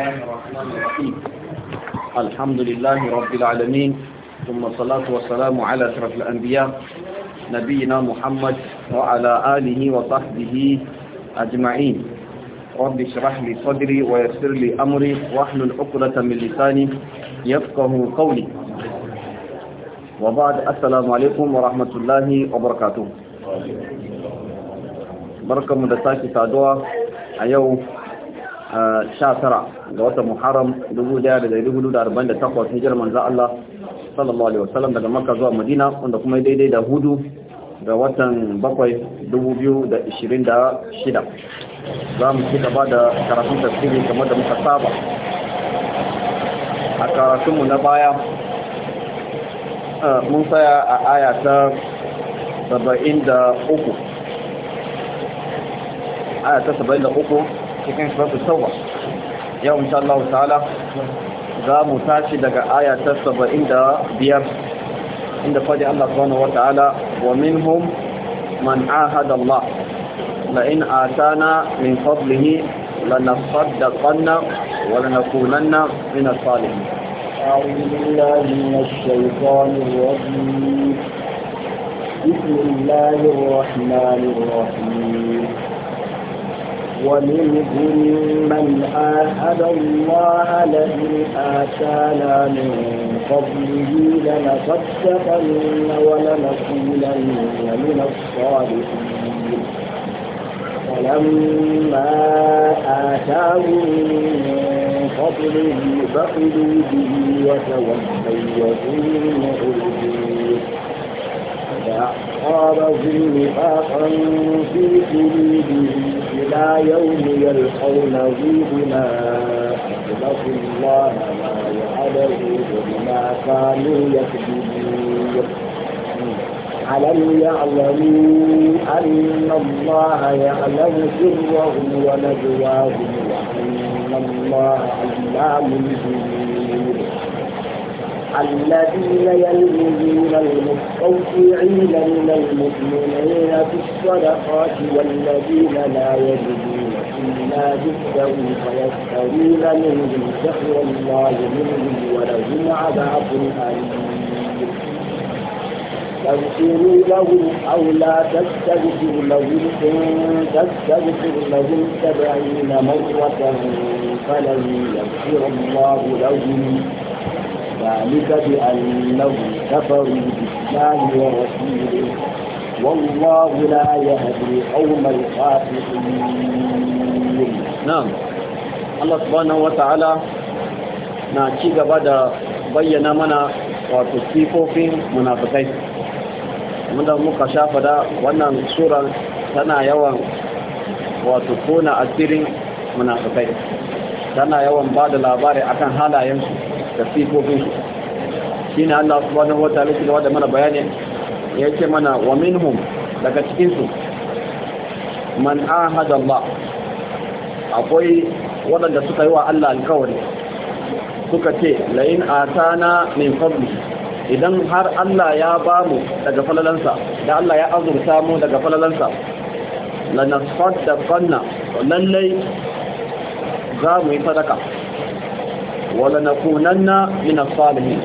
الرحيم الحمد لله رب العالمين ثم الصلاة والسلام على أشرف الأنبياء نبينا محمد وعلى آله وصحبه أجمعين رب شرح لي صدري ويسر لي أمري وحل عقدة من لساني يفقه قولي وبعد السلام عليكم ورحمة الله وبركاته بركة da sake saduwa 19 ga watan Muharram 1448 hijirar manzo Allah sallallahu alaihi wasallam daga Makka zuwa Madina wanda kuma daidai da hudu ga watan bakwai 2026 za mu ci gaba da karatun tafsiri kamar da muka saba a karatunmu na baya eh, mun tsaya a aya ta 73 aya ta 73 cikin suratu tauba yau insha Allah ta'ala za mu tashi daga aya ta 75 inda fadi Allah subhanahu wata'ala wa minhum man ahada Allah la in atana min fadlihi lanasaddaqanna wa lanakunanna min as-salihin أعوذ بالله من الشيطان الرجيم بسم الله الرحمن الرحيم ومنهم من آهد الله لئن آتانا من قبله لنصدقن ولنكونن من الصالحين ولما آتاهم من فضله بخلوا به وتولوا وهم مؤمنون فأعقابهم نفاقا في قلوبهم إلى يوم يلقونه بما أخلفوا الله ما وعده وبما كانوا يكذبون ألم يعلموا أن الله يعلم سرهم ونجواهم وأن الله علام الغيوب الذين يلمزون المستوفعين من المؤمنين في الصدقات والذين لا يجدون إلا جهدهم فيشترون منهم سخر الله منهم ولهم عذاب أليم تغفروا لهم أو لا تستغفر لهم إن تستغفر لهم سبعين مرة فلن يغفر الله لهم ذلك بأنهم كفروا بالله ورسوله والله لا يهدي قوم الفاسقين نعم الله سبحانه وتعالى na ci gaba da bayyana mana wato sifofin munafikai da muka shafa da wannan surar tana yawan wato asirin munafikai tana yawan ba da labari akan halayensu da sifofin shi ne Allah subhanahu wataala shi da mana Ya ce mana wa minhum daga cikinsu su man ahada Allah akwai waɗanda suka yi wa Allah alkawari suka ce layin atana min fadli idan har Allah ya ba mu daga falalansa da Allah ya azurta mu daga falalansa lanasfaddaqanna lallai za mu yi sadaka wala nakunanna min as-salihin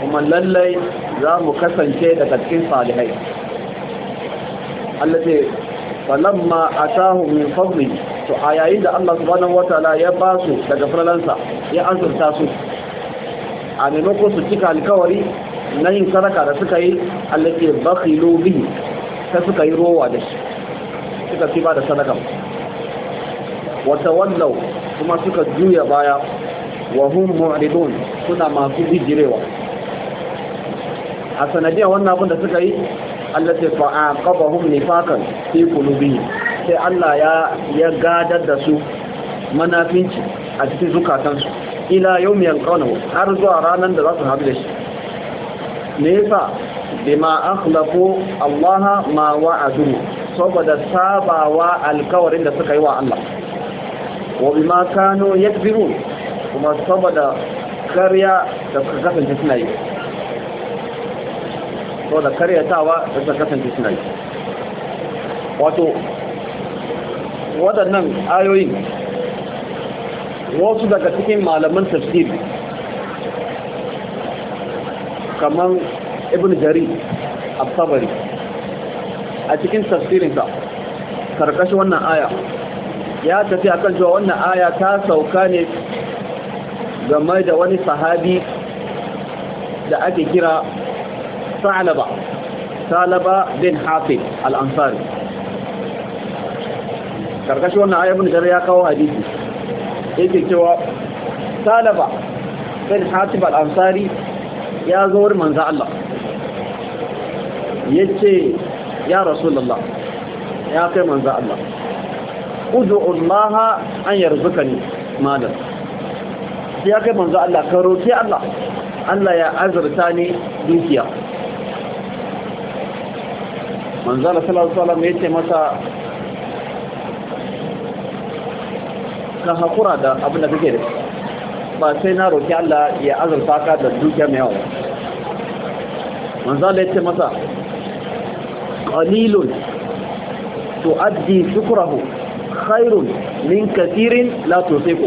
kuma lallai za mu kasance daga cikin salihai Allah ce falamma atahu min fadli to a yayin da Allah subhanahu wataala ya ba su daga falalansa ya azurta su a maimakon su cika alkawari na yin saraka da suka yi Allah ce bakhilu bihi ta suka yi rowa da shi suka ci ba da sadaka wata wallau kuma suka juya baya wa mu'ridun suna masu bijirewa a sanadiyar wannan abin da suka yi Allah sai fa aqabahum nifaqan fi qulubihim sai Allah ya ya gadar da su manafinci a cikin zukatansu ila yawmi yalqanahu har zuwa ranan da za su haɗu da shi nefa yasa bima akhlafu Allah ma wa'adu saboda sabawa alkawarin da suka yi wa Allah wa bima kanu yakzibun kuma saboda karya da suka kasance suna yi saboda tawa da suka kasance suna yi wato waɗannan ayoyin wasu daga cikin malaman tafsir kamar ibn jari a sabari a cikin tafsirinsa karkashin wannan aya ya tafi akan cewa wannan aya ta sauka ne game da wani sahabi da ake kira salaba salaba bin hafi al'ansari karkashi wannan ayyabin da ya kawo hadisi yake cewa salaba bin hafi al'ansari ya zo manza Allah ya ce ya rasulallah ya kai manza Allah udu'ullaha an yarzuka ne malam ya kai manzo Allah ka roki Allah Allah ya azurta ni dukiya manzo Allah sallallahu alaihi wasallam yace masa ka hakura da abin da kake da ba sai na roki Allah ya azurta ka da dukiya mai yawa manzo Allah yace masa qalilun tuaddi shukrahu khairun min kathirin la tusifu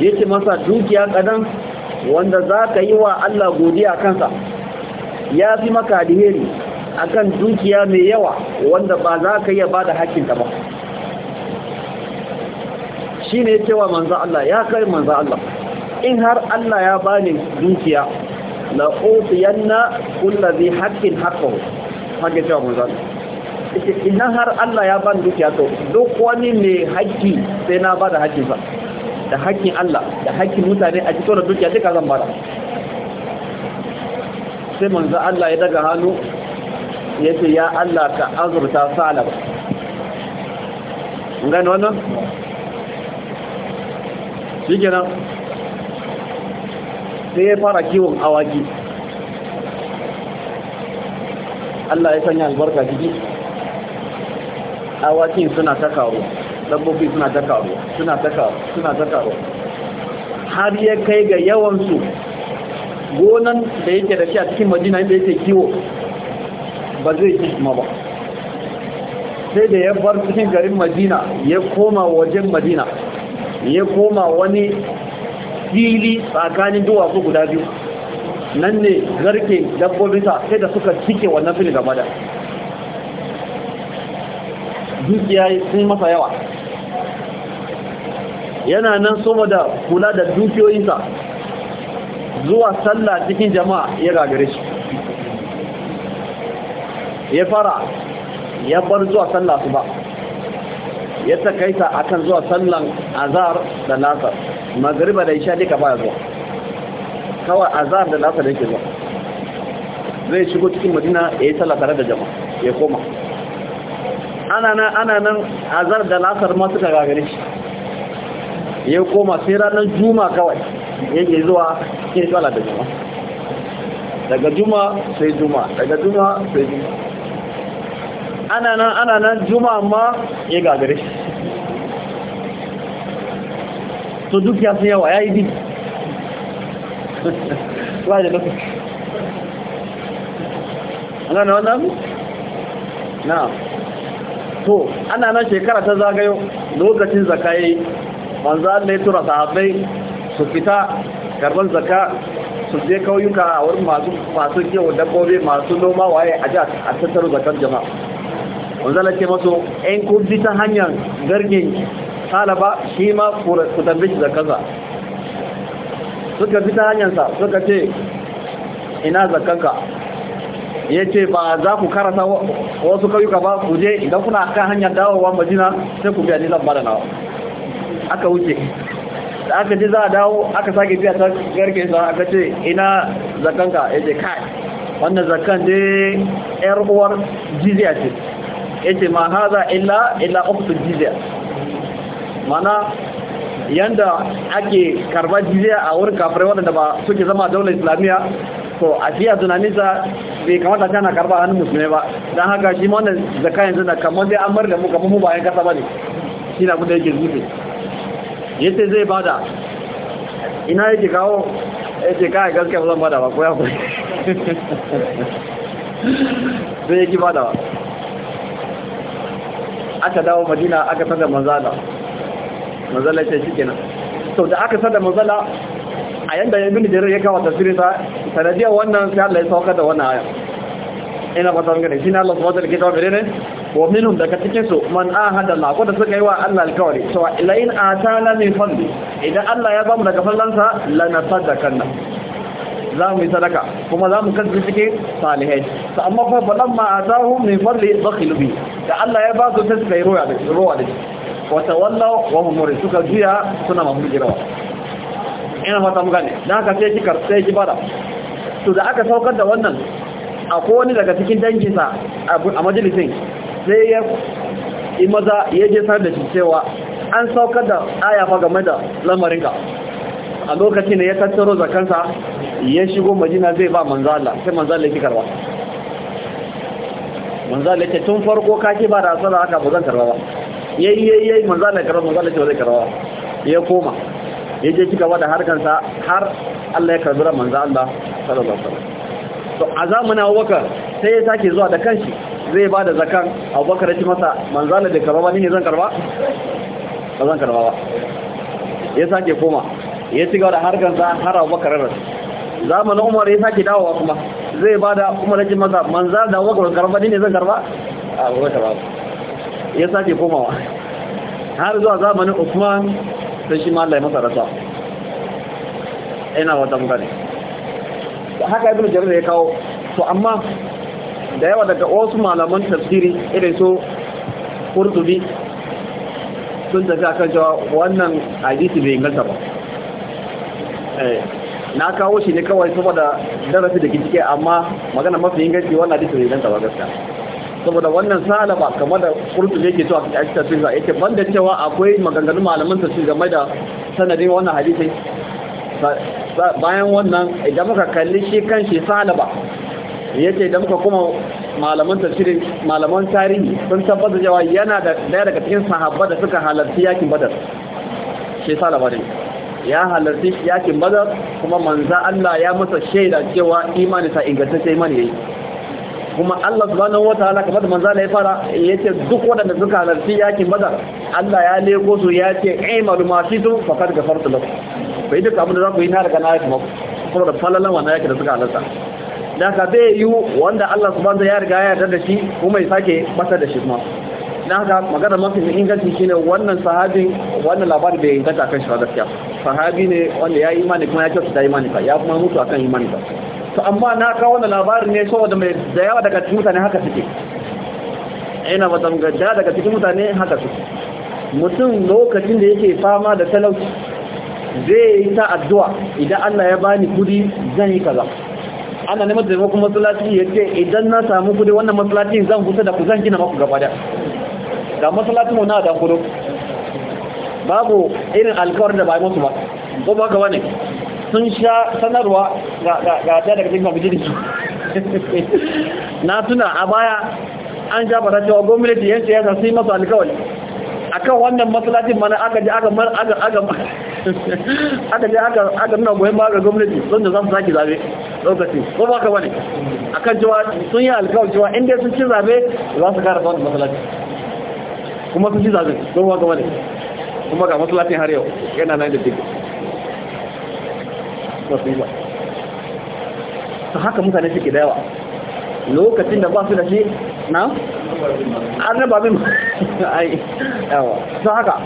yake masa dukiya kadan wanda zaka yi wa Allah godiya kansa ya fi maka alheri akan dukiya mai yawa wanda ba za ka iya bada hakinta ba shine cewa manzo Allah ya kai manzo Allah in har Allah ya bani dukiya la utiyanna kulli haqqin haqqahu haka cewa manzo Allah ita har Allah ya bani dukiya to duk wani mai haƙƙi sai na bada haƙƙinsa da hakkin Allah da hakkin mutane a cikin dukiya duka zan bada sai manzo Allah ya daga hannu ya ce ya Allah ka azurta salab ngan wannan shi kenan sai ya fara kiwon awaki Allah ya sanya albarka ciki awakin suna ta dabbobi suna ta karuwa suna ta karuwa suna ta karuwa har ya kai ga yawansu gonan da yake da shi a cikin madina inda yake kiwo ba zai ci kuma ba sai da ya bar cikin garin madina ya koma wajen madina ya koma wani fili tsakanin duwatsu guda biyu nan ne garke dabbobinsa sai da suka cike wannan fili gaba da dukiya sun masa yawa yana nan sama da kula da dukiyoyinsa zuwa sallah cikin jama'a ya gagare shi ya fara ya bar zuwa sallah su ba ya takaita akan zuwa sallan azar da lasar magariba da isha duka baya zuwa kawai azar da lasar yake zuwa zai shigo cikin madina ya yi sallah tare da jama'a ya koma ana nan azar da lasar ma suka gagare shi ya koma sai ranar juma kawai ke zuwa ke tsala da juma daga juma sai juma daga juma sai juma ana nan ana nan juma amma ya gagare shi to duk ya sun yawa ya yi bi ba da lokaci gane wannan na to ana nan shekara ta zagayo lokacin zakayi manzo Allah ya tura sahabbai su fita karban zakka su je kauyuka a wurin masu masu kiwo dabbobi masu noma waye a jihar a tattaro zakar jama'a manzo Allah ya ce masu yan kun bi ta hanyar gargin talaba shi ma ku tambi shi zakarsa suka bi ta hanyarsa suka ce ina ka ya ce ba za ku karasa wasu kauyuka ba ku je idan kuna kan hanyar dawowa majina sai ku biya nisan ba da nawa aka wuce da aka ji za a dawo aka sake biya ta garke sa aka ce ina zakanka ya ce kai wannan zakan ne yar uwar jizya ce ya ce ma za illa illa uktu jizya mana yanda ake karba jizya a wurin kafirai wadanda ba suke zama daular islamiyya to a fiya tunaninsa bai kamata ta na karba hannun musulmai ba don haka shi ma wannan zakan yanzu na kamar dai an mar da mu kamar mu bayan kasa ba ne shi na kuma yake zuke yace zai bada ina yake kawo yace kai gaske zan bada ba ko ya kuri sai yake bada ba aka dawo madina aka tada manzala manzala ce shi kenan sau da aka tada manzala a yanda ya bin jirar ya kawo tasirin sa sanadiyar wannan sai Allah ya saukar da wannan aya ina ba ta gane shi ne Allah subhanahu wa ta'ala ke tawo ne wa minhum daga cikin su man ahada Allah ko da suka yi wa Allah alkawari la in atana min fadli idan Allah ya bamu daga fallansa lana sadakanna za mu yi sadaka kuma za mu kasance cikin salihai To amma fa balan ma atahu min fadli bakhilu bi da Allah ya ba su ta suka yi roya da rowa da wa tawallaw wa hum suka juya suna mamu jirawa ina fata mu gane dan haka sai kikar sai kibara to da aka saukar da wannan akwai wani daga cikin sa a majalisin sai ya yi maza ya je sanar da cewa an saukar da aya fa game da lamarinka a lokacin da ya tattaro zakansa ya shigo majina zai ba manzala sai manzala ya fi karba manzala ce tun farko kake ba da asala haka ba zan karba ba yayi yayi yayi manzala karba manzala ce ba zai karba ya koma ya je cigaba da harkansa har Allah ya karbi ran manzala sallallahu alaihi wasallam to a zamanin Abubakar sai ya sake zuwa da kanshi zai ba da zakan abubakar ci masa manzana da karba ni ne zan karba ba zan karba ba ya sake koma ya ci gaba da harkarsa har abubakar rasu zamanin umar ya sake dawowa kuma zai ba da umar ci masa manzana da abubakar karba ni ne zan karba a abubakar ba ya sake komawa har zuwa zamanin usman sai shi ma Allah ya masa rasa ina wata mutane haka ibn jarir ya kawo to amma da yawa daga wasu malaman tafsiri irin su kurdubi sun tafi akan cewa wannan hadisi bai inganta ba eh, na kawo shi ne kawai saboda darasi da cike amma magana mafi inganci wannan hadisi bai inganta ba gaskiya saboda wannan salaba kamar da kurtubi yake cewa a cikin tafsir yake banda cewa akwai maganganun malaman tafsir game da sanadin wannan hadisi bayan wannan idan muka kalli shi kan shi salaba yace idan ka kuma malaman tafsirin malaman tarihi sun tabbata cewa yana da daya daga cikin sahabba da suka halarci yakin badar shi sa labarin ya halarci yakin badar kuma manza Allah ya masa shaida cewa imani sa ingantacce imani yayi kuma Allah subhanahu wataala kamar manza Allah ya fara yace duk wanda suka halarci yakin badar Allah ya lego su ce aimalu ma fitu faqad ghafartu lakum bai duk abin da za ku yi na daga na yi kuma da falalan wannan yake da suka halarta da ka bai yi wanda Allah banza ya riga ya yarda da shi kuma ya sake masa da shi kuma na haka magana mafi inganci shine wannan sahabin wannan labari bai inganta kan shi ba gaskiya sahabi ne wanda ya yi imani kuma ya kyautu da imani ba ya kuma mutu akan imani ba to amma na kawo wannan labarin ne saboda mai da yawa daga cikin mutane haka suke ina ba zan da daga cikin mutane haka suke mutum lokacin da yake fama da talauci zai yi ta addu'a idan Allah ya bani kudi zan yi kaza ana neman taimakon masallaci ya ce idan na samu kudi wannan masallaci zan kusa da ku zan gina maku gaba da ga masallacin mu na da kudu babu irin alkawar da ba yi musu ba ko ba gaba ne sun sha sanarwa ga ta daga cikin kwamitin su na tuna a baya an ja bara cewa gwamnati yan siyasa sun yi masu alkawari akan wannan masalacin mana aka ji aka aka aka aka aka nuna goyon ba ga gwamnati don da za su sake zabe lokaci ko ba ka a akan cewa sun yi alkawar cewa inda sun ci zabe za su kara wani masalaci kuma sun ci zabe don ba ka wani kuma ga masalacin har yau yana nan da dike ta ba haka mutane suke da yawa lokacin da ba su da shi na na babin ai yawa sun haka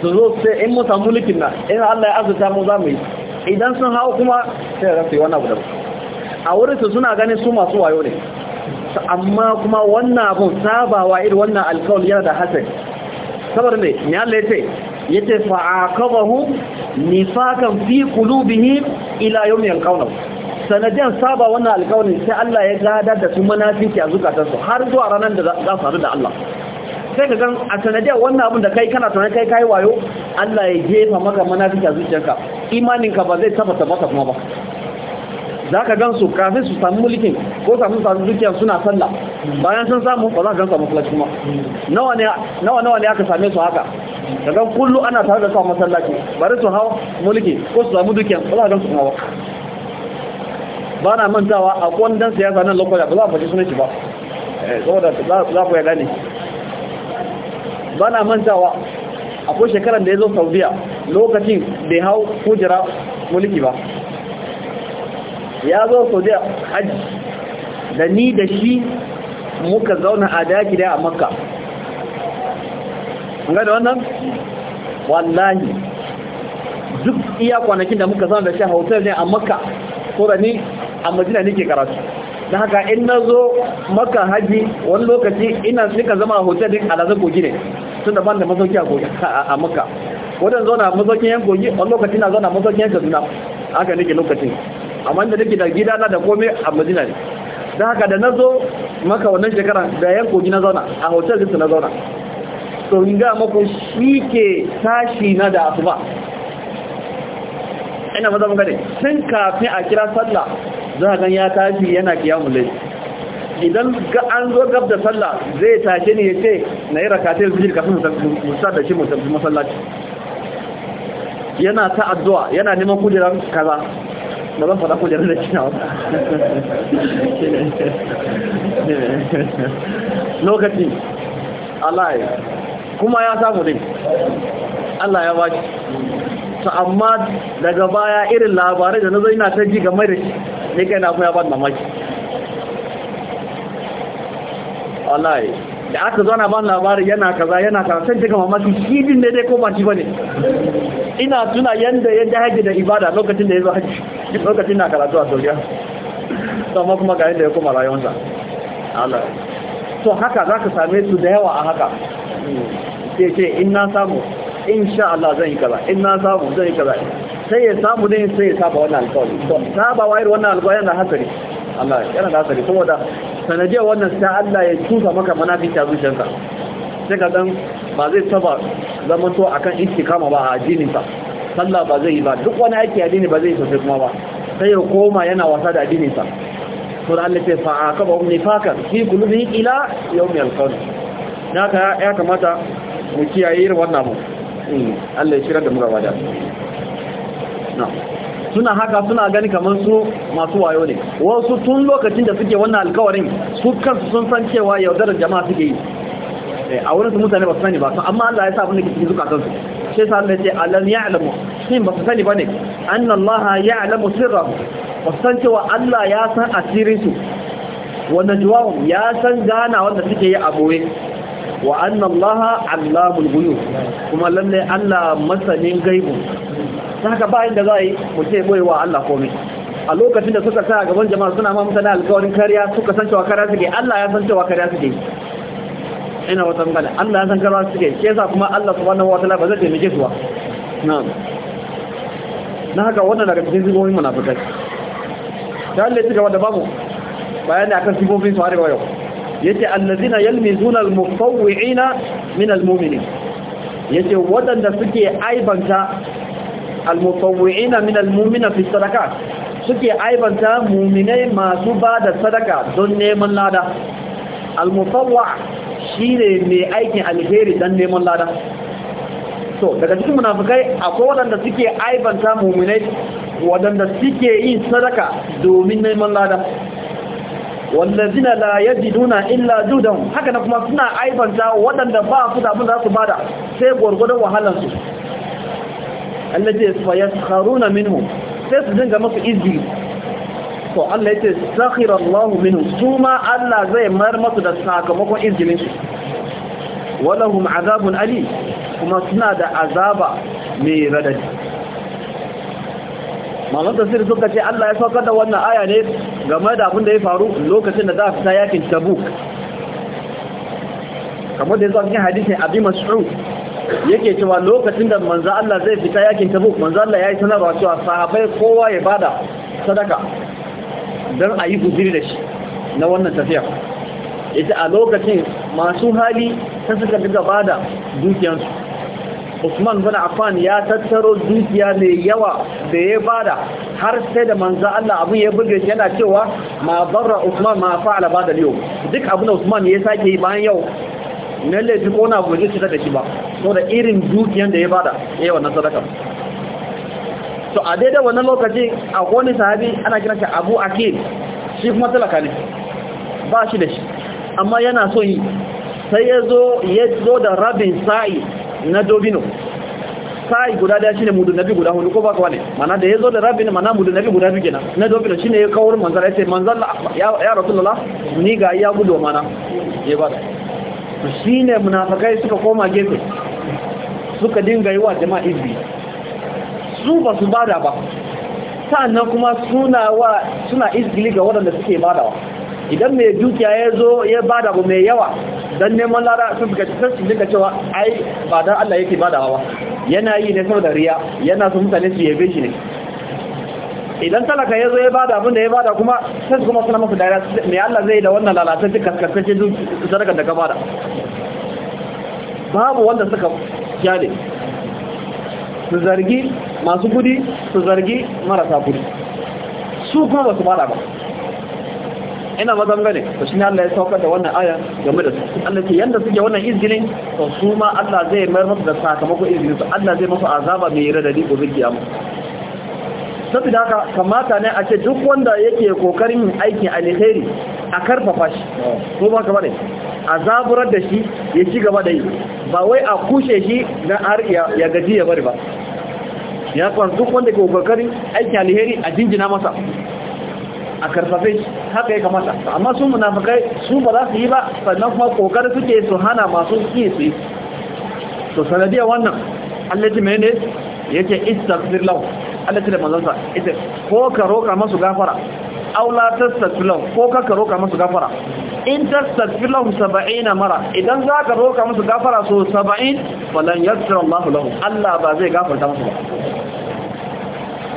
su zo sai in mu samu likin na in Allah ya azurta mu zamu yi idan sun hau kuma sai rasu wani abu da a wurinsu suna ganin su masu wayo ne amma kuma wannan abun sabawa irin wannan alkawal yana da hasari sabar ne ni Allah ya ce yace fa'aqabahu nifakan fi qulubihim ila yawmi yalqawnahu sanadiyar saba wannan alkawarin sai Allah ya gadar da su munafiki a zukatansu har zuwa ranar da za su haɗu da Allah sai ka gan a sanadiyar wannan abin da kai kana tunanin kai kai wayo Allah ya jefa maka munafiki a zuciyarka imaninka ba zai tabbata maka kuma ba za ka gan su kafin su sami mulkin ko sami sami zuciyar suna sallah bayan sun samu ba za ka gan samu masallaci kuma nawa nawa ne aka same su haka daga kullu ana tare da su masallaci bari su hau mulki ko su samu dukiyar ba za ka gan su kuma ba ba na mantawa a kwandan siyasa nan lokacin ba za a faɗi suna shi ba eh, saboda za ku ya gane ba na mantawa akwai shekarar da ya zo saudiya lokacin bai hau kujira mulki ba ya zo saudiya hajji da ni da shi muka zauna a daki da a makka ga da wannan wallahi duk iya kwanakin da muka zauna da shi a hotel ne a makka ko da ni a madina nake karatu da haka in na zo maka haji wani lokaci ina suka zama a hotel din alaza kogi ne tun da ban da masauki a kogi a maka wadan zauna masaukin yan kogi wani lokaci na zauna masaukin yan kaduna haka nake lokacin amma da nake da gida na da komai a madina ne da haka da na zo maka wannan shekara da yan kogi na zauna a hotel din su na zauna to in ga mako shi ke tashi na da asuba ina maza mun gane tun kafin a kira sallah za gan ya tashi yana kiyamun lai idan an zo gab da sallah zai tashe ne ya ce na yi rakatar zujir kafin musar da shi musamman masallaci yana ta addu'a yana neman kujerar kaza ba zan faɗa kujerar da shi na lokaci Allah kuma ya samu dai Allah ya baki to amma daga baya irin labarai da na zai na ta ji game da shi ne kai na kuma ya ba da mamaki wallahi da aka zo na ba labari yana kaza yana kaza sai daga mamaki din ne dai ko ba bane ina tuna yanda ya ji haji da ibada lokacin da ya zo haji lokacin na karatu a Saudiya amma kuma ga yanda ya koma rayuwarsa Allah to haka zaka same su da yawa a haka sai ce in na samu insha Allah zan yi kaza in na samu zan yi kaza sai ya samu ne sai ya saba wannan alƙawari, to saba irin wannan alƙawari yana hasari Allah yana da hasari saboda sanadiyar wannan sai Allah ya tusa maka munafiki a zuciyarka sai ka dan ba zai saba zaman to akan istikama ba a addinin sa sallah ba zai yi ba duk wani aiki addini ba zai yi sosai kuma ba sai ya koma yana wasa da addinin sa da Allah ce fa akaba hum nifakan fi qulubi ila yawm al-qiyam naka ya kamata mu kiyaye irin wannan mu? Hmm, Allah ya shirar da mu gaba da suna haka suna gani kamar su masu wayo ne wasu tun lokacin da suke wannan alkawarin su kansu sun san cewa yaudarar jama'a suke yi eh, a wurin su mutane ba su sani ba amma Allah ya sa abin da ke cikin zukatan su sai sa Allah ya ce ya ya'lamu shin ba su sani ba ne? anna Allah alamu sirra ba su san cewa Allah ya san asirin su Wannan najwahum ya san gana wanda suke yi a boye wa anna Allah allamul ghuyub kuma lalle Allah masanin gaibu ta haka bayan da za a yi mu ce boye wa Allah komi. a lokacin da suka sa gaban jama'a suna ma mutane alkawarin kariya suka san cewa kariya suke Allah ya san cewa kariya suke ina wata magana Allah ya san kariya suke Ke sa kuma Allah subhanahu wataala ba zai taimake su ba na'am na haka wannan daga cikin sifofin munafikai ta Allah ya gaba da babu bayani akan sifofin su har yau yace allazina yalmizuna almutawwi'ina min almu'minin yace wadanda suke aibanta almutawwi'ina min almu'mina fi sadaqat suke aibanta mu'minai masu ba da sadaka don neman lada almutawwa shine mai aikin alheri dan neman lada to daga cikin munafikai akwai waɗanda suke aibanta mu'minai waɗanda suke yin sadaka domin neman lada wallazina la yajiduna illa judan haka na kuma suna aibanta waɗanda ba su da abin da su bada sai gwargwadon wahalar Allah ce fayasharuna sai su dinga masa izini to Allah yace sakhira Allah minhu kuma Allah zai mayar masa da sakamakon izinin su walahum azabun ali kuma suna da azaba mai radadi da tafsir suka ce Allah ya saukar da wannan aya ne game da abin da ya faru lokacin da za a fita yakin Tabuk kamar da ya zo cikin hadisin Abi Mas'ud yake cewa lokacin da manzo Allah zai fita yakin Tabuk manzo Allah yayi sanarwa cewa sahabbai kowa ya bada sadaka dan ayi guziri da shi na wannan tafiya ita a lokacin masu hali ta suka daga bada dukiyansu Usman bin Affan ya tattaro dukiya mai yawa da ya bada har sai da manzo Allah abu ya buge shi yana cewa ma barra Usman ma fa'ala bada liyo duk abin da Usman ya sake yi bayan yau nan laifi ko na guje shi da shi ba so da irin dukiyan da ya bada yayin wannan sadaka to a daidai wannan lokaci a wani sahabi ana kiran shi Abu Akil shi kuma talaka ne ba shi da shi amma yana so yi sai ya zo ya zo da rabin sa'i na dobino sa'i guda daya shine mudu nabi guda hudu ko ba kwa ne mana da ya zo da rabin mana mudu nabi guda biyu kenan na dobino shine ya kawo manzara ya ce manzara ya rasulullah ni ga iya gudu mana ya ba shi ne munafakai suka koma gefe suka dinga yi wa jama'a izini. su ba su bada ba sa'annan kuma suna wa suna izgili ga waɗanda suke badawa idan mai dukiya ya zo ya bada ba mai yawa don neman lara sun fuka sun dinga cewa ai ba don Allah yake badawa ba yana yi ne saboda riya yana su mutane su yabe shi ne idan talaka ya zo ya bada abin da ya bada kuma sai kuma suna masu dariya mai Allah zai da wannan lalatacce duk sadakar da ka bada babu wanda suka gaskiya ne su zargi masu kudi su zargi marasa kudi su kuma ba su fara ba ina mazan gane to shi ne Allah ya saukar da wannan aya game da su Allah ce yanda suke wannan izinin to su ma Allah zai mayar musu da sakamakon izinin su Allah zai masu azaba mai radadi gobe kiyama da haka kamata ne a ce duk wanda yake kokarin aiki alheri a karfafa shi ko ba ka bane a zaburar da shi ya ci gaba da yi ba wai a kushe shi na har ya gaji ya bari ba ya kwan duk wanda ke kokari aiki alheri a jinjina masa a karfafe haka ya kamata amma sun munafakai su ba za su yi ba sannan kuma kokari suke su hana masu iya su yi to sanadiyar wannan Allah mai ne yake istar zirlau Allah da manzansa ita ko ka roka masu gafara aula tastaghfirun ko ka roka musu gafara in ta tastaghfirun 70 mara idan za ka roka musu gafara so 70 falan yaghfir Allah lahu Allah ba zai gafarta musu ba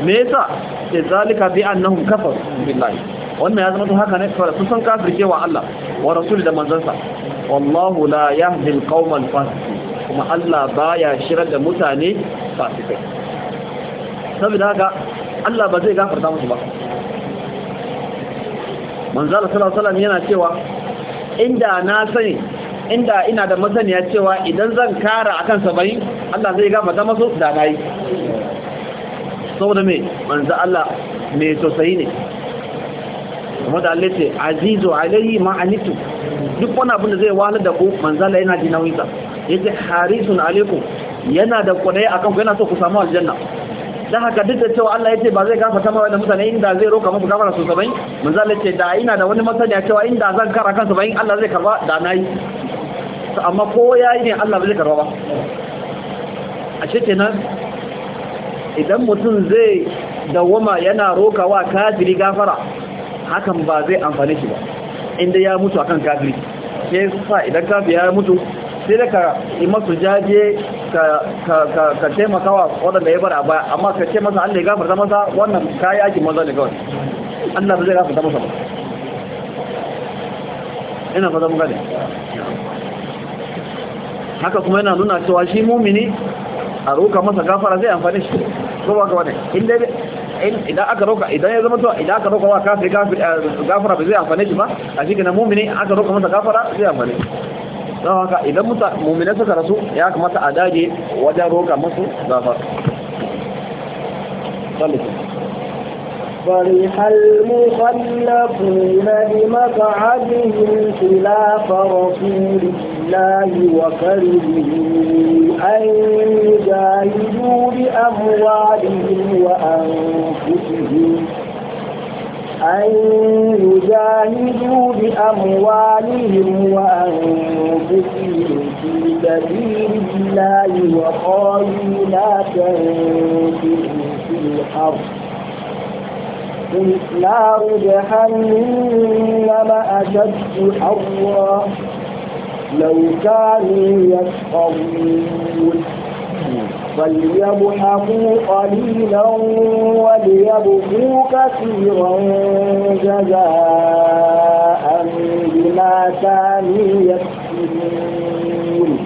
me yasa sai zalika bi annahum kafar billahi wannan ya zama to haka ne fara su san kafirce wa Allah wa rasul da manzansa wallahu la yahdi alqawmal fasiqin kuma Allah baya shirar da mutane fasikai saboda haka Allah ba zai gafarta musu ba manzala salasalam yana cewa inda na sani inda ina da masaniya cewa idan zan kara akan saba'in Allah zai ta maso da na yi saboda me manza Allah to sosai ne kuma da Allah ce azizu alaihi anitu duk wani abin da zai wahalar da ku Allah yana ji nauyinsa ya ce harisun alaikum yana da kudai akan ku yana so ku samu aljanna dan haka duk da cewa Allah yace ba zai gafarta kama wannan mutane inda zai roka musu gafara su sabai mun Allah yace da ina da wani masaniya cewa inda zan kara kansu bayin Allah zai karba da nayi amma ko yayi ne Allah zai karba ba a ce ce nan idan mutum zai dawama yana rokawa kafiri gafara hakan ba zai amfane shi ba inda ya mutu akan kafiri sai sa idan kafiri ya mutu sai da ka yi masu jaje ka taimaka wa waɗanda ya a baya amma ka ce masa da ya gafarta masa wannan kayi aikin maza ne kawai an ba zai gafarta masa ba ina fata muka ne haka kuma yana nuna cewa shi mumini a roka masa gafara zai amfani shi ko ba ka wani idan aka roka idan ya zama to idan aka roka wa kafiri eh, gafara zai amfani shi ba a shi kana mumini aka roka masa gafara zai amfani shi don haka idan mummina suka rasu ya kamata a dage wajen roƙa musu gafar فرح المخلفون بمقعدهم خلاف رسول الله وكرهه أن يجاهدوا بأموالهم وأنفسهم أن يجاهدوا بأموالهم وأنفسهم في سبيل الله وقالوا لا تنفروا في الحرب قل نار جهنم أشد حرا لو كانوا يفقهون فليضحكوا قليلا وليبكوا كثيرا جزاء بما كانوا يكسبون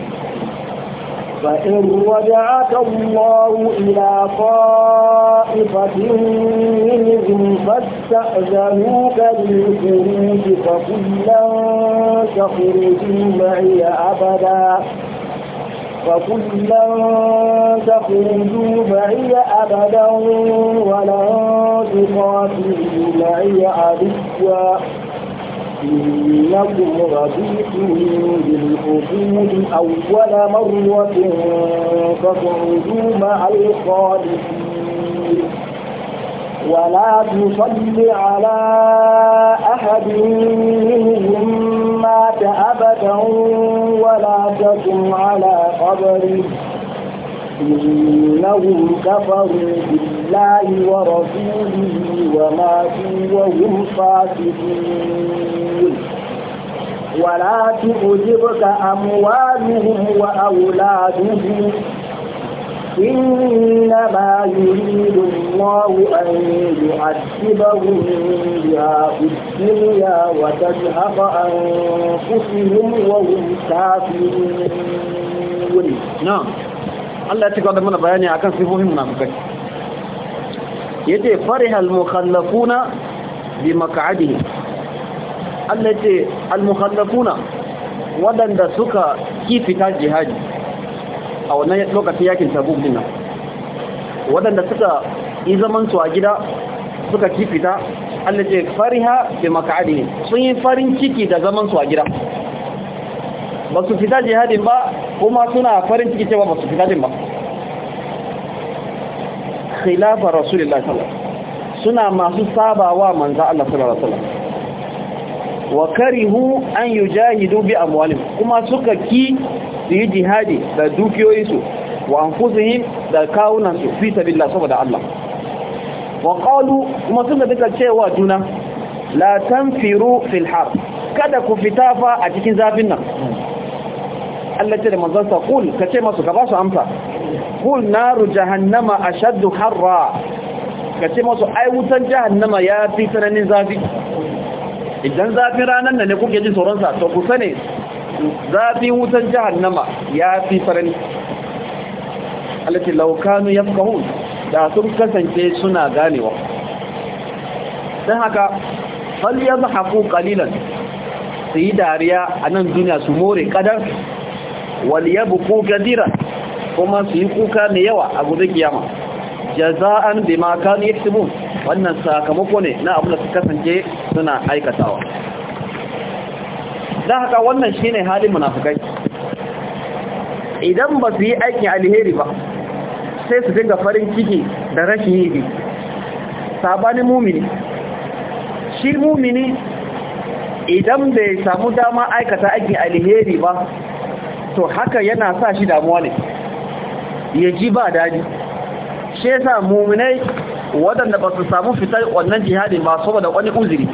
فإن رجعك الله إلى طائفة منهم فاستأذنوك بالخروج فقل لن تخرجوا معي أبدا وكلا تخرجوا معي أبدا ولن تقاتلوا معي عدوا إنكم رضيتم بالحقود أول مرة فاقعدوا مع الخالدين ولا تصل على أحد إنهم كفروا بالله ورسوله وما وهم فاسقين ولا تعجبك أموالهم وأولادهم إنما يريد الله أن يعذبهم بها في الدنيا وتذهب أنفسهم وهم كافرون نعم no. Allah ya ci gaba da mana bayani akan sifofin munafikai yace farihal mukhallafuna bi maq'adihi Allah yace al mukhallafuna wadanda suka kifita jihadi a wannan lokacin yakin tabuk din wadanda suka yi zaman su a gida suka kifita Allah yace fariha bi maq'adihi sun yi farin ciki da zaman su a gida ba su fita jihadin ba kuma suna farin ciki cewa ba su fita din ba khilafa rasulullah sallallahu suna masu sabawa manzo Allah sallallahu alaihi wa karihu an yujahidu bi amwalihim kuma suka ki su yi jihadi da dukiyoyinsu wa anfusihim da su fi sabilillah saboda Allah wa qalu kuma suka duka cewa juna la tanfiru fil har kada ku fita fa a cikin zafin nan Allah ce da manzansa kul ka ce masu ka ba su amsa kul naru jahannama ashaddu harra ka ce masu ai wutan jahannama ya fi tsananin zafi idan zafin ranar da ne kuke ji tsoronsa to ku sani zafin wutan jahannama ya fi tsanani Allah ce laukanu yafqahun da sun kasance suna ganewa dan haka fal yadhaku qalilan su yi dariya a nan duniya su more kadar waliyabku kadira kuma su yi kuka mai yawa a gudun kiyama jaza'an ma kan yaktubun wannan sakamako ne na abin da su kasance suna aikatawa dan haka wannan shine halin munafikai idan ba su yi aikin alheri ba sai su dinga farin ciki da rashin yi sabani mumini shi mumini idan bai samu dama aikata aikin alheri ba to haka yana sa shi damuwa ne ya ji ba daji shi yasa muminai waɗanda ba su samu fitar wannan jihadin ba saboda wani uzuri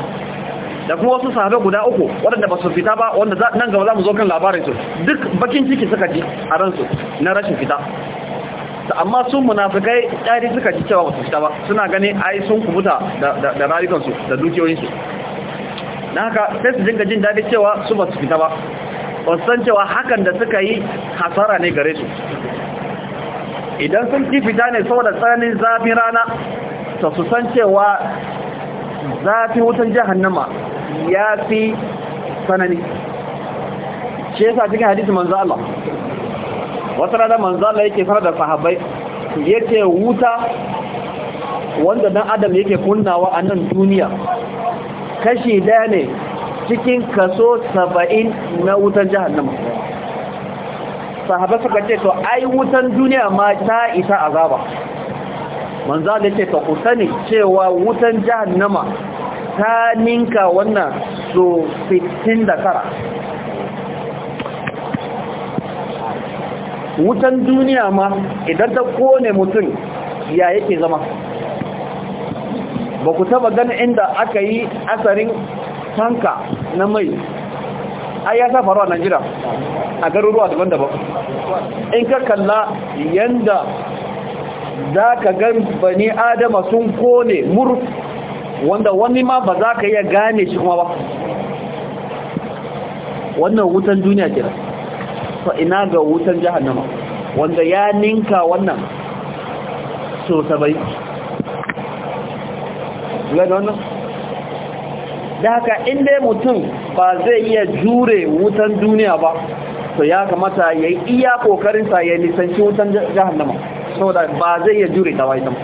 da kuma wasu sahabe guda uku waɗanda ba su fita ba wanda nan gaba za mu zo kan labarin su duk bakin ciki suka ji a ransu na rashin fita ta amma sun munafikai ɗari suka ji cewa ba su fita ba suna gani ai sun kubuta da rayukansu da dukiyoyinsu na haka sai su dinga jin daɗi cewa su ba su fita ba ba cewa hakan da suka yi hasara ne gare su idan sun ki fita ne saboda tsananin zafin rana ta su san cewa zafin wutan jahannama ya fi tsanani shi yasa cikin hadisi manzo Allah wata rana manzo Allah yake fara da sahabbai yake wuta wanda dan adam yake kunnawa a nan duniya kashi daya ne cikin kaso saba'in na wutan jahannama sahaba suka ce to ai wutan duniya ma ta isa azaba manzo da ce ka ku sani cewa wutan jahannama ta ninka wannan so kara wutan duniya ma idan ta kone mutum ya yake zama ba ku taba gani inda aka yi asarin tanka na mai ai ya sa faru a Najeriya a garuruwa daban-daban in ka kalla yanda za ka gan bani adama sun kone mur wanda wani ma ba za ka iya gane shi kuma ba wannan wutan duniya jira fa ina ga wutan jahannama wanda ya ninka wannan so sabai gane wannan da haka inda mutum ba zai iya jure wutan duniya ba to ya kamata ya yi iya kokarinsa ya nisanci wutan jahannama saboda ba zai iya jure ta waitan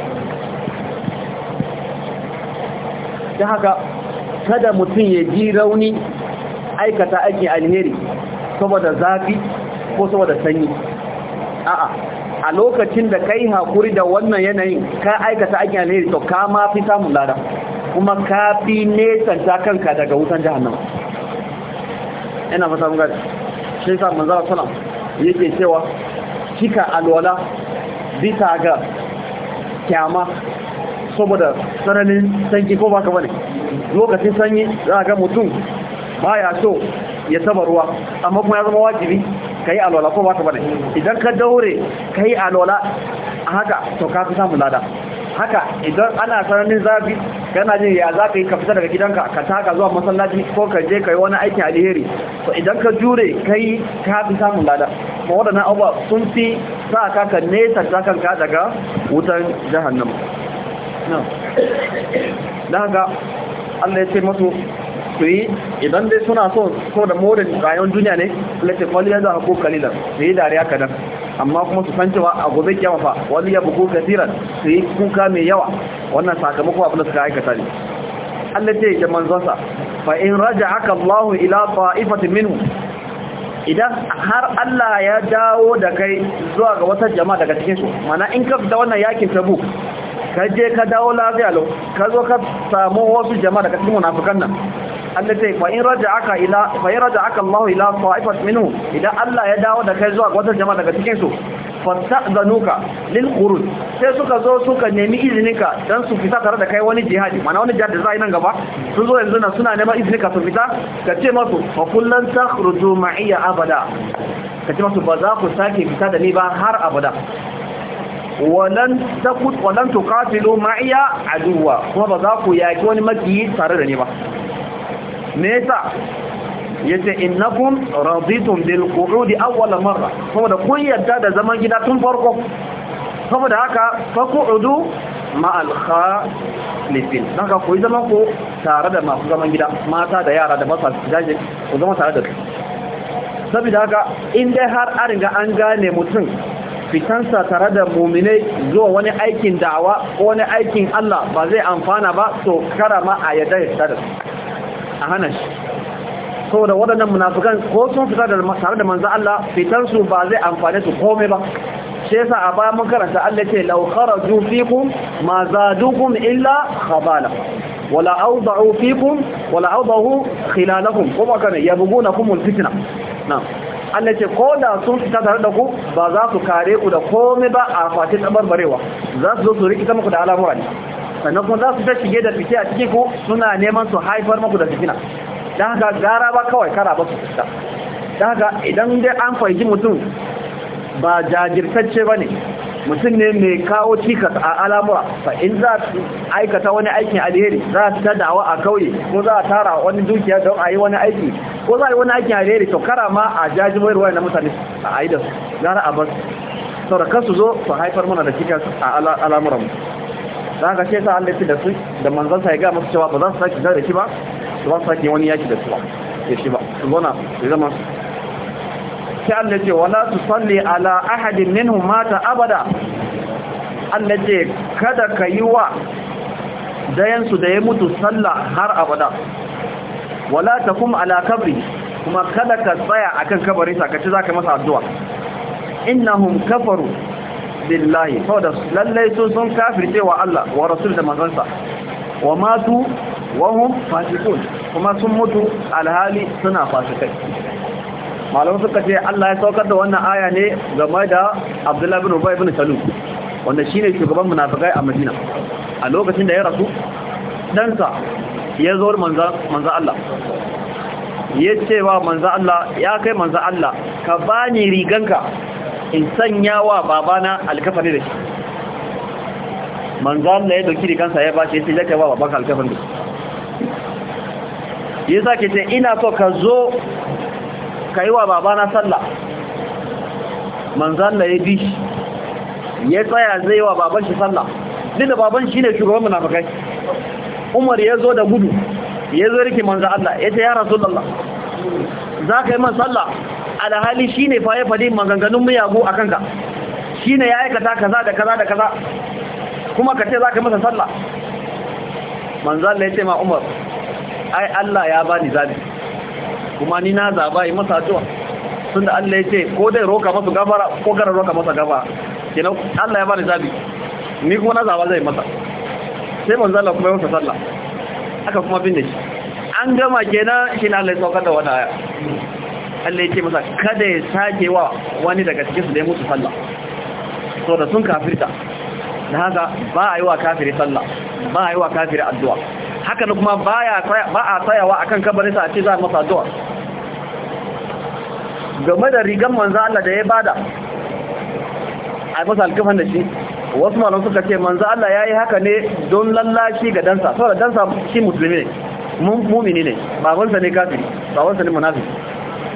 da haka kada mutum ya ji rauni aikata ake alheri saboda zafi ko saboda sanyi a'a a lokacin da kai hakuri da wannan yanayin ka aikata aikin alheri to ka ma fi samun lada kuma ka fi nesanta kanka daga wutan jahannan. ina fata mun gari shi sa manzara sallam yake cewa kika alwala bisa ga kyama saboda tsananin sanki, ko ba bane lokacin sanyi za ga mutum ba ya so ya saba ruwa amma kuma ya zama wajibi ka yi alwala ko ba bane idan ka daure ka yi alwala haka to ka fi samun lada haka idan ana sanannin zafi kana jin ya za ka yi ka fita daga gidanka ka taka zuwa masallaci ko ka je ka yi wani aikin alheri to idan ka jure kai ka fi samun lada ma waɗannan abubuwa sun fi sa ka ka nesa ta kanka daga wutan jahannama na haka allah ya ce masu su yi idan dai suna so so da more rayuwar duniya ne latin kwalliyar za ko kalilar su yi dariya kadan amma kuma su san cewa a gobe kiyama fa wani ya buku kasiran su yi kuka mai yawa wannan sakamako abin da suka aikata ne Allah ce ya manzonsa fa in raja'aka Allahu ila ta'ifatin minhu idan har Allah ya dawo da kai zuwa ga wata jama'a daga cikin su mana in ka da wannan yakin tabu ka je ka dawo lafiya ka zo ka samu wasu jama'a daga cikin munafikan nan in التي فإن رجعك إلى فإن رجعك الله إلى idan allah ya dawo da kai zuwa وتا jamaa daga cikin su fasta'zanuka lil khuruj sai suka zo suka nemi izininka dan su fita tare da kai wani jihadi mana wani jihadi zai nan gaba sun zo yanzu na suna neman izininka su fita ka ce masu fa kullan takhruju ma'iyya abada ka ce masu ba za ku sake fita da ni ba har abada walan takut walan tuqatilu ma'iya aduwa kuma ba za ku yaki wani makiyi tare da ni ba me yasa yace innakum raditum bil qu'udi awwal marra da kun yadda da zaman gida tun farko kuma da haka fa qu'udu ma al khalifin haka ku zaman ku tare da masu zaman gida mata da yara da masa jaje ku zama tare da su saboda haka in dai har an riga an gane mutum fitansa tare da muminai zuwa wani aikin da'awa ko wani aikin Allah ba zai amfana ba to ma a yadda ya tare da su a hana shi saboda waɗannan munafukan ko sun fita da tare da manzo Allah fitar su ba zai amfane su komai ba shi yasa a bayan mun karanta Allah ce law kharaju fikum ma zadukum illa khabala wala awda'u fikum wala awdahu khilalakum kuma na yabghunakum alfitna na'am Allah ce ko da sun fita tare da ku ba za su kare ku da komai ba a fatin tabarbarewa za su zo su rikita muku da al'amura ne sannan kuma za su ta shige da fice a cikin ku suna neman su haifar muku da fitina don haka gara ba kawai kara ba su fita don haka idan dai an fahimci mutum ba jajirtacce ba ne mutum ne mai kawo cikas a al'amura fa in za aikata wani aikin alheri za ta dawa a kauye ko za a tara wani dukiya don a yi wani aiki ko za a yi wani aikin alheri to kara ma a mai ruwa na mutane a su gara a bar saurakan su zo su haifar mana da cikas a al'amuran don aka ce sa an ce da su da sa ya ga masu cewa ba za su sake da shi ba su ba su sake wani yaki da su ba ya shi ba su zona su zama sai an ya ce wala su salli ala ahadin minhum mata abada Allah ce kada ka yi wa dayansu da ya mutu sallah har abada wala ta kuma ala kabri kuma kada ka tsaya akan kabarinsa ka ci za ka masa addu'a innahum kafaru billahi saboda lallai sun sun kafirce wa Allah wa rasul da manzansa wa matu wa hum fasiqun kuma sun mutu alhali suna fasikai malamu suka ce Allah ya saukar da wannan aya ne game da Abdullah ibn Ubay ibn Salul wanda shine shugaban munafikai a Madina a lokacin da ya rasu dansa ya zo manza manza Allah ya ce wa manza Allah ya kai manza Allah ka bani riganka in sanya wa babana alkafani da shi manzan da ya doki da kansa ya bashi sai zaka wa babanka alkafani da shi yasa ke ce ina so ka zo yi wa babana sallah manzan da ya bi ya tsaya zai wa baban shi sallah da baban shi ne shugaban munafikai Umar ya zo da gudu ya zo rike manzan Allah ya ce ya Rasulullah za ka yi man sallah alhali shi ne faye faɗi maganganun miyagu a kanka Shi ne ya aikata kaza da kaza da kaza kuma ka ce za ka masa sallah manzo ya ce ma Umar ai Allah ya bani zabi kuma ni na zaba yi masa sun da Allah ya ce ko dai roka masu gabara ko gara roka masa gafara kenan Allah ya bani zabi ni kuma na zaba zai masa sai manzo Allah kuma yi masa sallah aka kuma binne shi an gama kenan shi na Allah ya saukar da wata aya tsalle yake ce masa kada ya sake wa wani daga cikinsu da ya mutu sallah so da sun kafirta da haka ba a yi wa kafiri sallah ba a yi wa kafiri addu'a haka ne kuma ba a tsayawa a kan kabarinsa a ce za a masa addu'a game da rigan manzo Allah da ya bada a masa alkafan da shi wasu malam suka ce manzo Allah ya yi haka ne don lallashi ga dansa saboda dansa shi musulmi ne mumini ne babansa ne kafiri babansa ne munafiki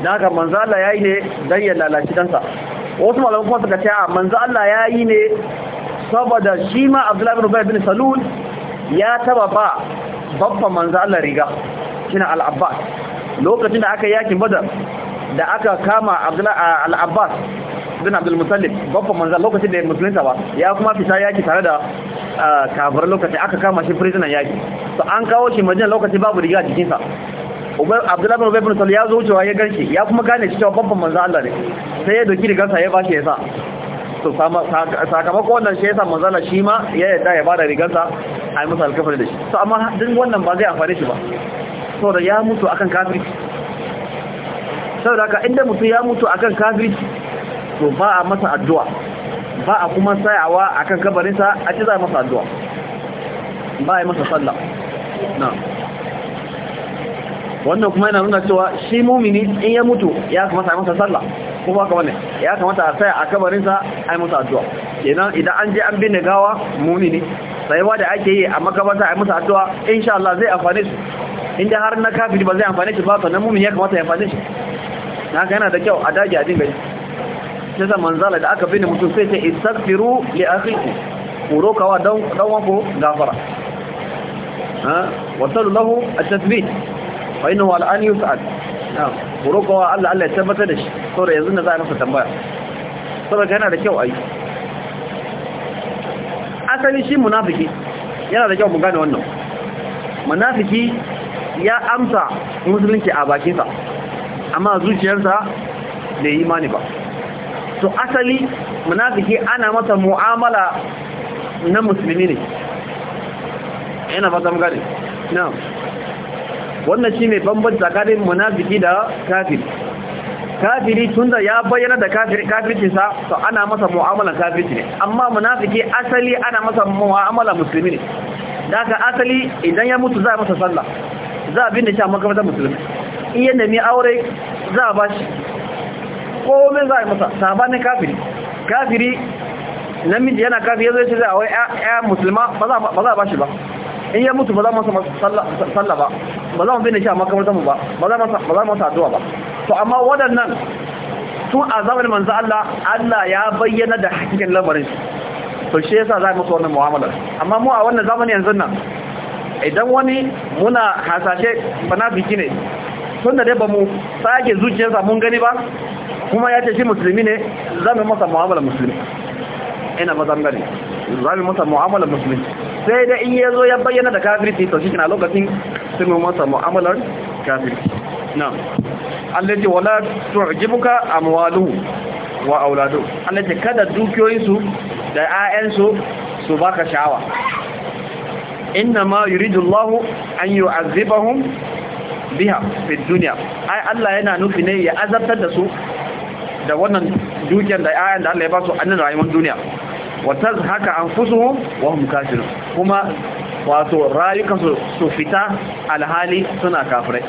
da haka manzo Allah ya yi ne don ya lalaci kansa wasu malamin kuma suka ce a manzo Allah ya yi ne saboda shi ma Abdullahi bin Ubay bin Salul ya taba ba babba manzo Allah riga shine al-Abbas lokacin da aka yakin Badr da aka kama Abdullahi al-Abbas bin Abdul Muttalib babba manzo lokacin da musulunta ba ya kuma fita yaki tare da kafir lokacin aka kama shi prisoner yaki to an kawo shi Madina lokacin babu riga jikinsa abdullahi bin ubay bin salul ya zo wucewa ya garke ya kuma gane cewa babban manzo Allah ne sai ya doki rigarsa ya bashi ya sa to sakamakon wannan shi yasa manzo Allah shi ma ya yarda ya bada rigarsa a yi masa alkafari da shi to amma din wannan ba zai amfane shi ba saboda ya mutu akan kafirci saboda haka inda mutum ya mutu akan kafirci to ba a masa addu'a ba a kuma tsayawa akan kabarinsa a ci za a masa addu'a ba a yi masa sallah na'am wannan kuma yana nuna cewa shi mumini in ya mutu ya kamata a masa sallah ko ba ka wannan ya kamata a tsaya a kabarin sa a masa addu'a kenan idan an je an binne gawa mumini sai da ake yi a makabarta a masa addu'a insha Allah zai amfane su da har na kafiri ba zai amfane shi ba to nan mumini ya kamata ya amfane shi ga yana da kyau a dage a dinga yi sai sa manzala da aka binne mutum sai ta istaghfiru li akhikum ku rokawa dan dan wanku gafara ha wasallu lahu at-tathbit fa'inu wa al'ani yi sa'ad na roƙowa Allah Allah ya tabbatar da shi saboda yanzu da za a masa tambaya saboda yana da kyau ayi asali shi munafiki yana da kyau mu gane wannan munafiki ya amsa musulunci a bakinsa amma zuciyarsa bai imani ba to asali munafiki ana masa mu'amala na musulmi ne yana ba zama gane na'am wannan shi ne bambanci tsakanin munafiki da kafiri kafiri tunda ya bayyana da kafiri kafirci sa to ana masa mu'amala kafirci ne amma munafiki asali ana masa mu'amala musulmi ne daga asali idan ya mutu za a masa sallah za a binne shi a makamata musulmi iya nemi aure za a bashi komai za a yi masa sabanin kafiri kafiri namiji yana kafiri ya zai ce za a wai ya musulma ba za a bashi ba in ya mutu ba za masa sallah ba ba za mu binne shi a makamantar mu ba ba za mu masa addu'a ba to amma waɗannan tun a zamanin manzo Allah Allah ya bayyana da hakikin labarin to shi yasa za mu so wannan mu'amala amma mu a wannan zamanin yanzu nan idan wani muna hasashe biki ne tun da dai ba mu sake zuciyarsa mun gani ba kuma ya ce shi musulmi ne za mu masa mu'amala musulmi ina ba zan za mu masa mu'amala musulmi sai dai in ya zo ya bayyana da kafirci to shi kina lokacin sun masa mu'amalar kafir na'am Allah wala tu'jibuka amwaluhu wa auladu Allah ce kada dukiyoyinsu da 'ya'yansu su baka sha'awa inna ma yuridu Allah an yu'azzibahum biha fi dunya ai Allah yana nufi ne ya azabtar da su da wannan dukiyar da 'ya'yan da Allah ya ba su annan rayuwar duniya wa tazhaka anfusuhum wa hum kafirun kuma wato rayukan su fita alhali suna kafirai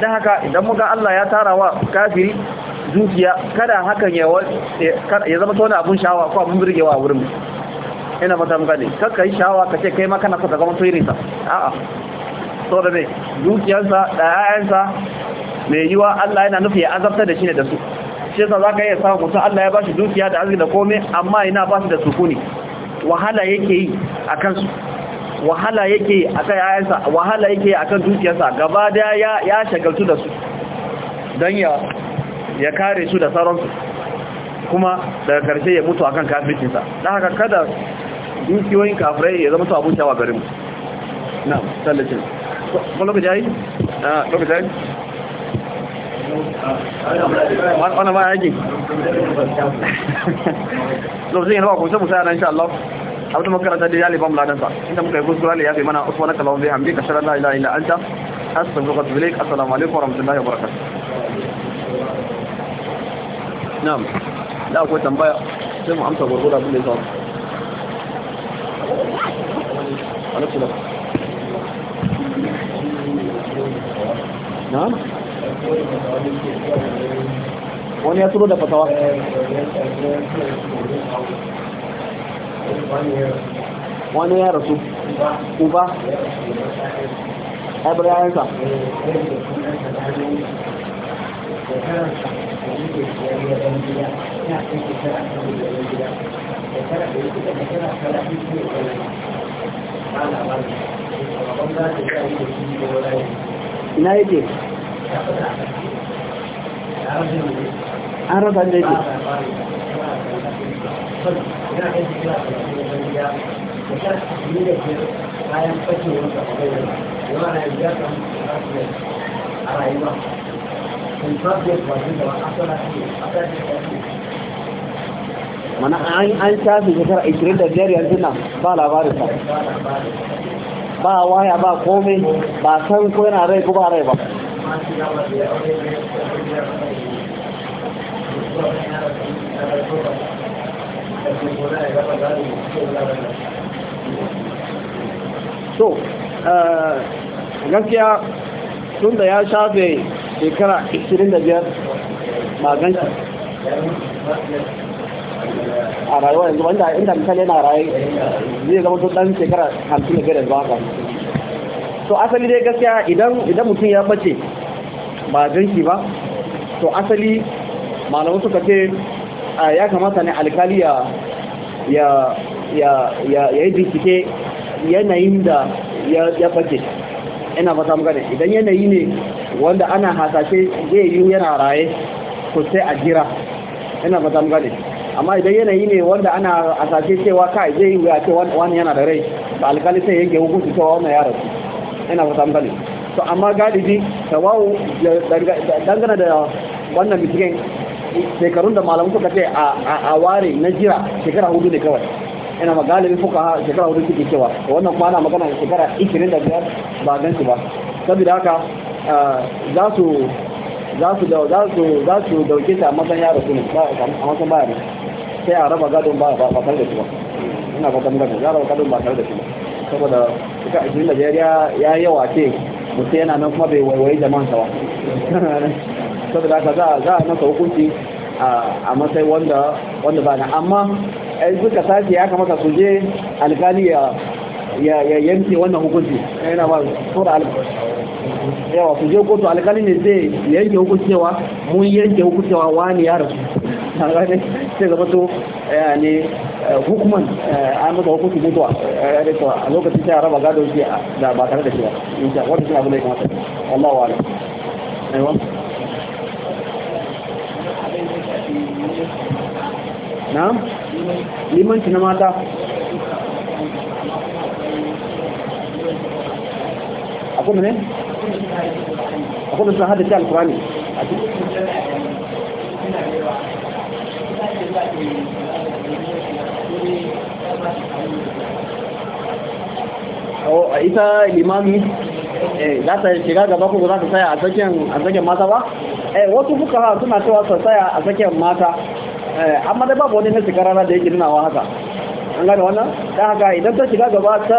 don haka idan muka Allah ya tara wa kafiri dukiya kada hakan ya zama tona abun shawa ko abun birgewa a wurin ina fata muka ne kakka shawa ka kai ma kana sata zama sa. a'a so da mai dukiyarsa da 'ya'yansa mai yiwa Allah yana nufi ya azabtar da shi ne da su shi yasa zaka iya samu mutum Allah ya ba shi dukiya da arziki da komai amma ina ba su da sukuni wahala yake yi a kansu wahala yake akan ayansa wahala yake akan dukiyarsa gaba daya ya ya shagaltu da su dan ya ya kare su da sauransu kuma daga karshe ya mutu akan kafircinsa dan haka kada dukiyoyin kafirai ya zama su abun shawa garin na sallacin ko lokaci ai ah lokaci ai wannan ma yake lokacin yana ba ku sai mu sai insha Allah abin da muka karanta da yali bamu ladan sa inda muka yi kuskura ne ya fi mana usman kallahu bi hamdi ka shalla ila ila anta astaghfiruka wa atubu ilaik assalamu alaikum wa rahmatullahi wa barakatuh na'am da akwai tambaya sai mu amsa gurgurda abin da ya samu alaikum na'am wani ya turo da fatawa wani ya rasu uba aibar yayansa ina yake an rasa da yake yana aiki yana aiki da da da a bayan yana na ya samu kafin da ba a sana da mana an yanzu nan ba labarin ba ba waya ba komai ba san ko yana rai ko ba rai ba so uh, gaskiya tun da ya shafe shekara 25 maganci a rayuwa yanzu wanda inda misali yana rayu zai zama tun dan shekara 55 yanzu haka so asali dai gaskiya idan mutum ya bace ba ganki ba to asali malamu suka ce ya kamata ne alkali ya yi bincike yanayin da ya fake ina fata magana idan yanayi ne wanda ana hasashe zai yi yana raye ko sai a jira ina fata magana amma idan yanayi ne wanda ana hasashe cewa kai zai yi wuya ce wani yana da rai ba alkali sai yanke hukunci cewa wani ya rasu ina fata magana to amma galibi tawawu dangane da wannan binciken shekarun da malamu suka ce a ware na jira shekara hudu ne kawai ina magana ne fuka shekara hudu suke cewa wannan kuma ana magana shekara 25 ba gan su ba saboda haka za su za su za su za su dauke ta matan yaro su ne a matan baya ne sai a raba gadon ba ba tare da su ba ina ba dan gadon ya raba gadon ba tare da su ba saboda suka ajin da ya ya yawa ce mutum yana nan kuma bai waiwaye jama'an ba saboda haka za a masa hukunci a matsayi wanda ba na amma ai suka sace ya kamata su je alkali ya yanke wannan hukunci yana ba alkali yawa su je kotu alkali ne zai yanke hukuncewa mun yanke hukuncewa wani ya rasu na gane sai zama to ya eh, ne eh, hukuman eh, a yi masa hukunci mutuwa a lokacin sai a raba gado shi da ba tare da shi ba wata shi abu ne kamata Allah wa alaikum na'am limanci na mata akwai ne akwai da sun hada alkurani a oh, a ita limami eh, za ta shiga gaba ko za ta tsaya a tsakiyar mata ba? eh wasu fuka suna cewa ta tsaya a tsakiyar mata amma da babu wani na shiga rana da yake nunawa haka an gane wannan da haka idan ta shiga gaba ta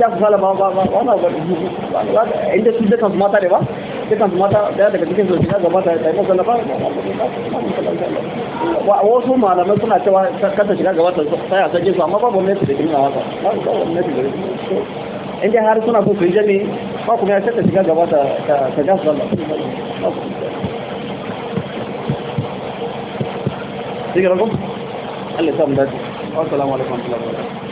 ja su salama ba ba wannan ba inda su dukan su mata da ba dukan su mata da daga cikin su shiga gaba ta yi masu lafa wasu malamai suna cewa kasa shiga gaba ta sai a ta su amma babu wani su da kimina wasa babu wani su in har suna so su yi jami ba kuma ya shakka shiga gaba ta ta ta jasu shi ga rabu Allah ya samu assalamu alaikum wa